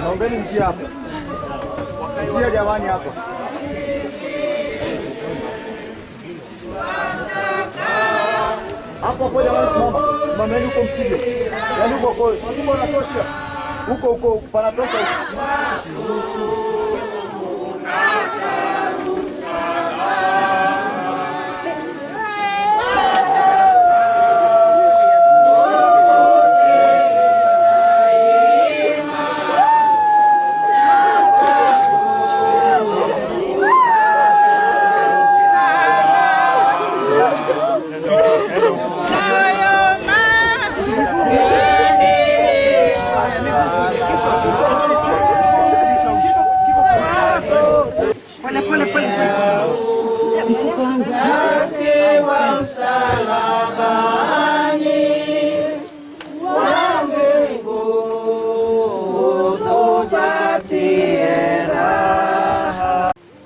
Naombeni njia hapa. Njia jamani hapa. Hapo hapo jamani simama. Mama yuko mpige. Yaani huko huko. Huko panatosha. Huko huko panatosha.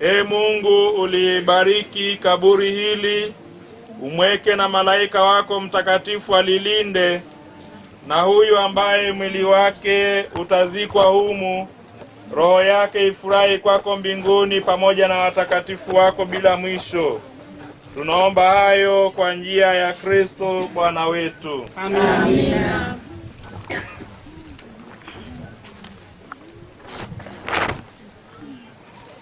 E Mungu uliibariki kaburi hili, umweke na malaika wako mtakatifu alilinde, na huyu ambaye mwili wake utazikwa humu, roho yake ifurahi kwako mbinguni pamoja na watakatifu wako bila mwisho. Tunaomba hayo kwa njia ya Kristo Bwana wetu. Amina.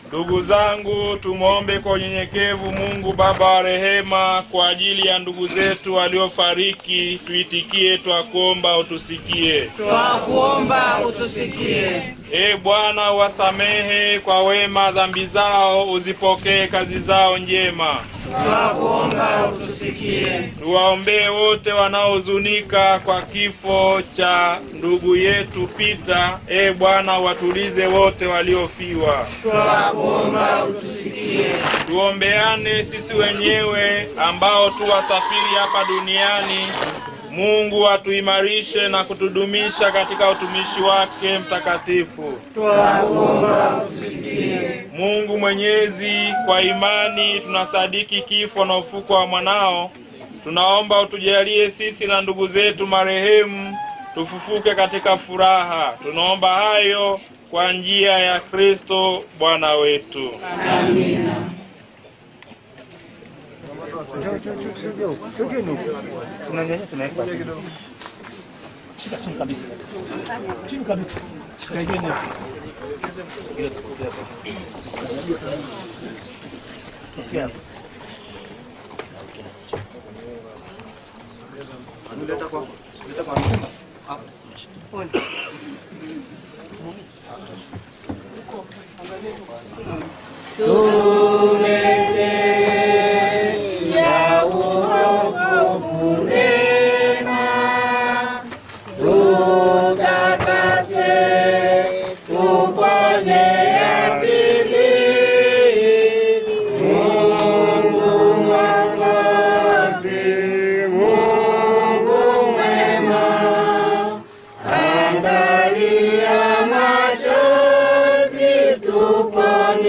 Ndugu zangu, tumwombe kwa unyenyekevu Mungu Baba wa rehema kwa ajili ya ndugu zetu waliofariki. Tuitikie, twakuomba utusikie, twakuomba utusikie e Bwana, wasamehe kwa wema dhambi zao, uzipokee kazi zao njema. Tunakuomba utusikie. Tuwaombee wote wanaohuzunika kwa kifo cha ndugu yetu Pita. e Bwana, watulize wote waliofiwa. Tunakuomba utusikie. Tuombeane sisi wenyewe ambao tu wasafiri hapa duniani Mungu atuimarishe na kutudumisha katika utumishi wake mtakatifu. Twakuomba Mungu Mwenyezi, kwa imani tunasadiki kifo na ufuko wa mwanao, tunaomba utujalie sisi na ndugu zetu marehemu tufufuke katika furaha. Tunaomba hayo kwa njia ya Kristo Bwana wetu. Amina. 저기 저기 그냥 해도 될것 같아요. 진짜 진짜 비싸. 진짜 비싸. 진짜 이거는 이거 그냥 안 된다고 된다고 안 된다. 아, 오늘 두뇌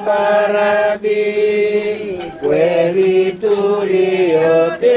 baradi kweli tuliyote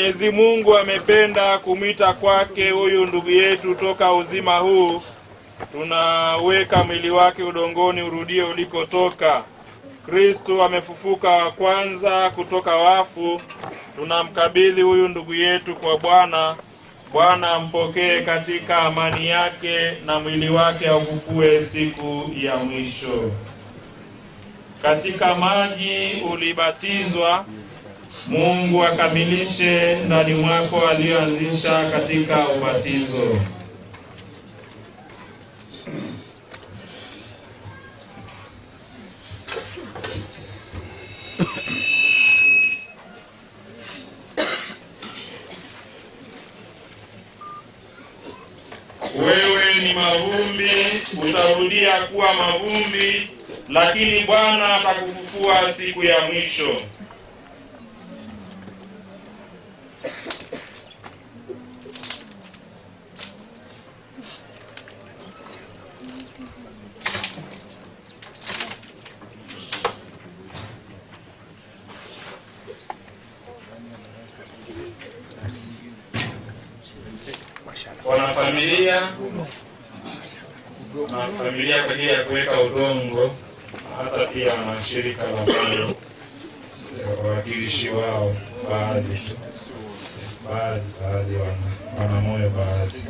Mwenyezi Mungu amependa kumwita kwake huyu ndugu yetu toka uzima huu, tunaweka mwili wake udongoni urudie ulikotoka. Kristo amefufuka wa kwanza kutoka wafu, tunamkabidhi huyu ndugu yetu kwa Bwana. Bwana ampokee katika amani yake na mwili wake aufufue siku ya mwisho. Katika maji ulibatizwa Mungu akamilishe ndani mwako aliyoanzisha katika ubatizo. Wewe ni mavumbi, utarudia kuwa mavumbi, lakini Bwana atakufufua siku ya mwisho. familia na familia kwa ajili ya kuweka udongo, hata pia na shirika la moyo za wawakilishi wao, baadhi baadhi baadhi wana moyo baadhi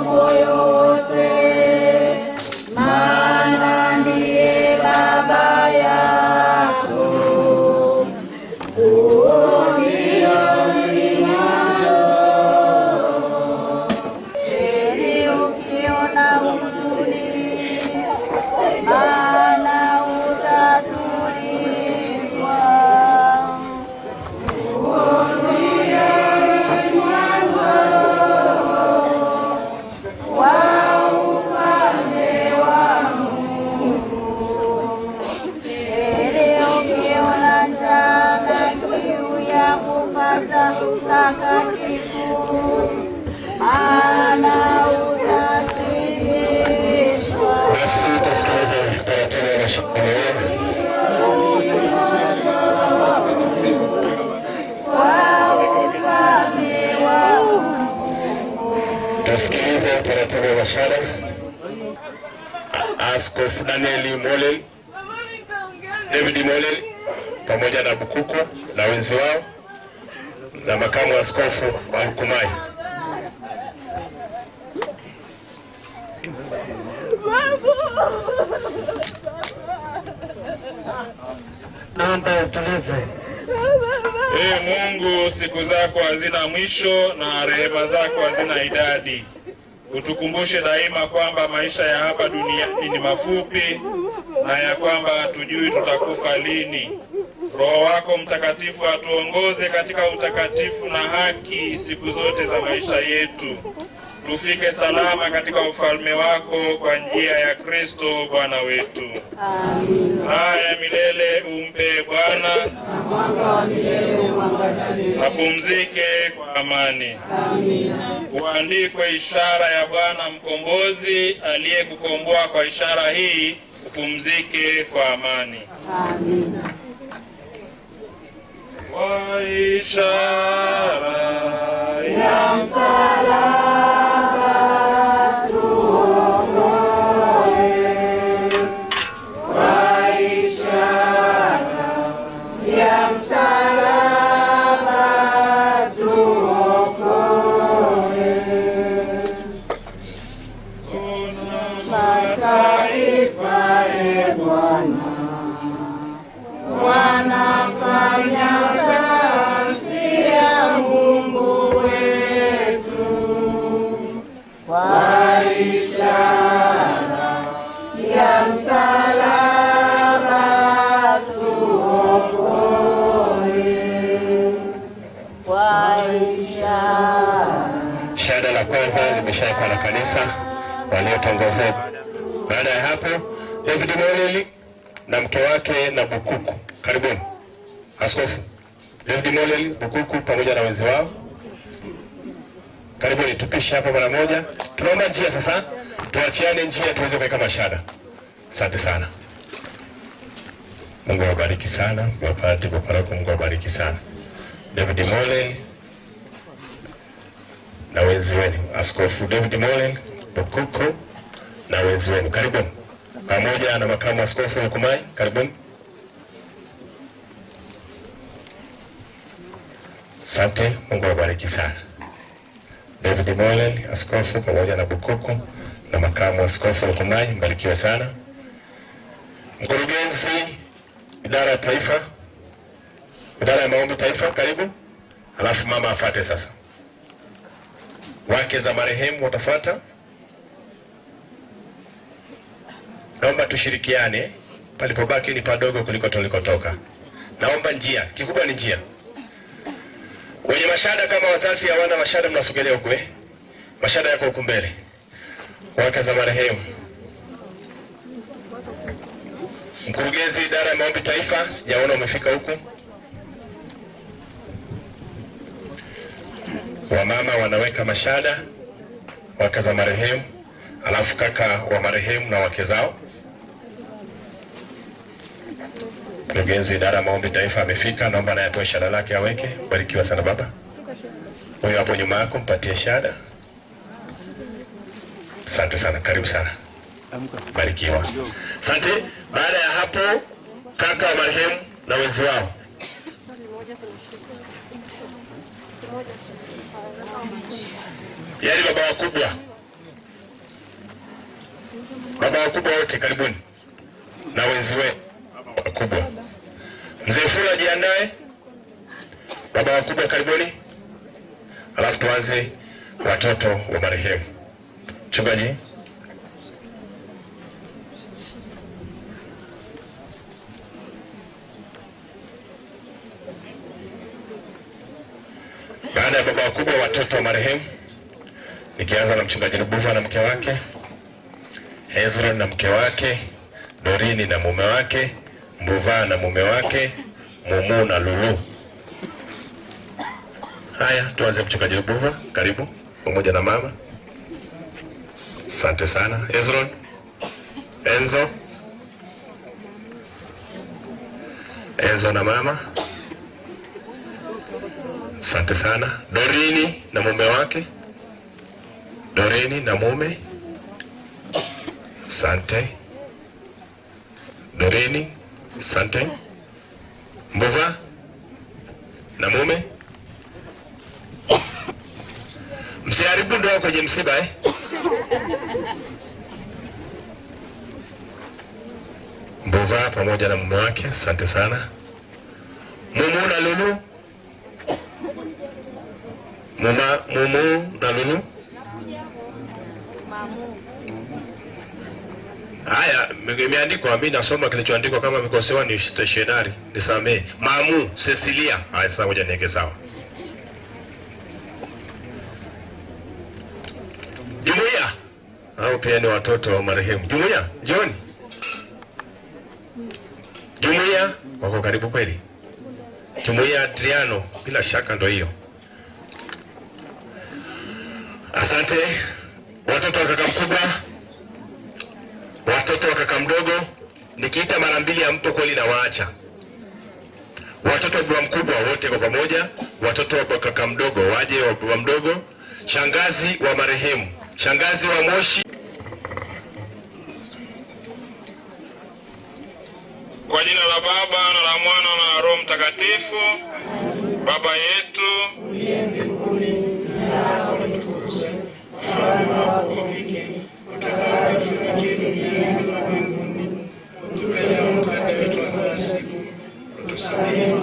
Oh. tusikilize utaratibu wa shara. Askofu Daniel Molel, David Molel pamoja na Bukuku na wenzi wao na makamu askofu wa Mkumai. Naomba utulivu. Ee Mungu, siku zako hazina mwisho na rehema zako hazina idadi. Utukumbushe daima kwamba maisha ya hapa duniani ni mafupi na ya kwamba hatujui tutakufa lini. Roho wako Mtakatifu atuongoze katika utakatifu na haki siku zote za maisha yetu tufike salama katika ufalme wako kwa njia ya Kristo Bwana wetu. Haya milele umpe Bwana, apumzike kwa amani. Uandikwe ishara ya Bwana mkombozi aliyekukomboa kwa ishara hii, upumzike kwa amani. Kwa ishara ya sifa e Bwana, wanafanya kazi ya Mungu wetu kwa ishara ya msalaba tuokoe, kwa ishara. Shahada la kwanza limeshawekwa na kanisa waliotongozea baada ya hapo, David Moleli na mke wake na Bukuku, karibuni askofu David Moleli, Bukuku pamoja na wenzi wao, karibuni tupishe hapa mara moja. Tunaomba njia sasa, tuachiane njia tuweze kuweka mashada. Asante sana. Mungu awabariki sana wapate paparako. Mungu awabariki sana David Moleli na wenzi wenu, Askofu David Moleli Bukuku na wenzi wenu. Karibuni pamoja na makamu askofu Lukumai, karibuni. Sante, Mungu awabariki sana. David Molen, askofu pamoja na Bukuku na makamu askofu Lukumai, mbarikiwe sana. Mkurugenzi idara ya taifa, idara ya maombi taifa, karibu. alafu mama afate sasa, wake za marehemu watafuata. naomba tushirikiane, palipobaki ni padogo kuliko tulikotoka. Naomba njia, kikubwa ni njia. Wenye mashada kama wazazi hawana mashada, mnasogelea huku eh, mashada yako huko mbele, waka za marehemu mkurugenzi idara ya maombi taifa, sijaona umefika huku. Wamama wanaweka mashada, waka za marehemu, alafu kaka wa marehemu na wake zao Mkurugenzi idara ya maombi taifa amefika, naomba naye atoe shada lake aweke. Barikiwa sana baba. Huyo hapo nyuma yako mpatie shada. Asante sana, karibu sana, barikiwa. Asante. Baada ya hapo, kaka wa marehemu na wenzi wao yaani baba wakubwa, baba wakubwa wote, karibuni na wenzi wenu kubwa. Mzee Fula jiandae, baba wakubwa karibuni, alafu tuanze watoto wa marehemu. Chungaji, baada ya baba wakubwa, watoto wa marehemu, nikianza na mchungaji Lubuva na mke wake Hezron na mke wake Dorini na mume wake Mbuvaa na mume wake Mumu na Lulu. Haya, tuanze mchungaji Mbuva, karibu pamoja na mama. Asante sana Ezron, Enzo, Enzo na mama. Asante sana Dorini na mume wake, Dorini na mume. Asante Dorini Asante. Mbova na mume msiharibu ndoa kwenye msiba eh? Mbova pamoja na mume wake, asante sana. Mumu na Lulu, muma Mumu na Lulu. imeandikwa mimi nasoma kilichoandikwa, kama mikosewa ni stationary nisamee. Mamu Cecilia, haya sasa ngoja niweke sawa. Jumuiya au pia ni watoto wa marehemu. Jumuiya, John. Jumuiya wako karibu kweli. Jumuiya Adriano, bila shaka ndo hiyo. Asante watoto wa kaka mkubwa mdogo nikiita mara mbili hampo kweli, nawaacha watoto wa mkubwa wote kwa pamoja, watoto wa kaka mdogo waje, wa mdogo, shangazi wa marehemu, shangazi wa Moshi. Kwa jina la Baba na la Mwana na Roho Mtakatifu. Baba yetu uliye mbinguni, jina lako litukuzwe, ufalme wako ufike, utakalo lifanyike duniani kama Salam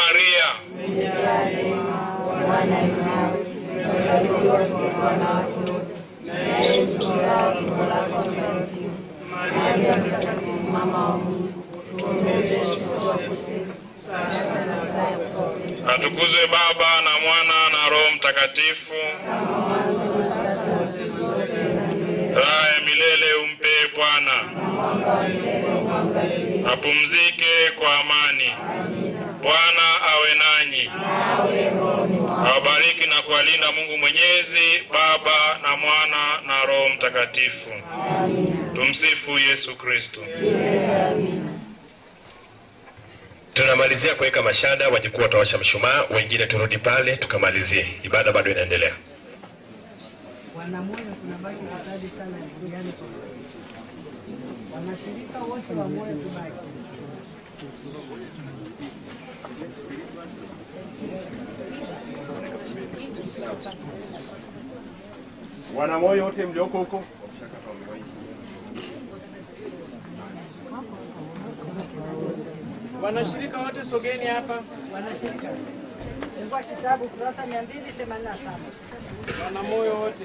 Maria, Atukuzwe Baba Mtakatifu, raha milele umpe Bwana, apumzike kwa amani. Bwana awe nanyi, awabariki na kuwalinda Mungu Mwenyezi, Baba na Mwana na Roho Mtakatifu. Tumsifu Yesu Kristo. Tunamalizia kuweka mashada, wajukuu watawasha mshumaa, wengine turudi pale tukamalizie. Ibada bado inaendelea. Wanamoyo wote mlioko huko Wanashirika wote sogeni hapa. Wanashirika. Fungua kitabu kurasa 287. Wana moyo wote.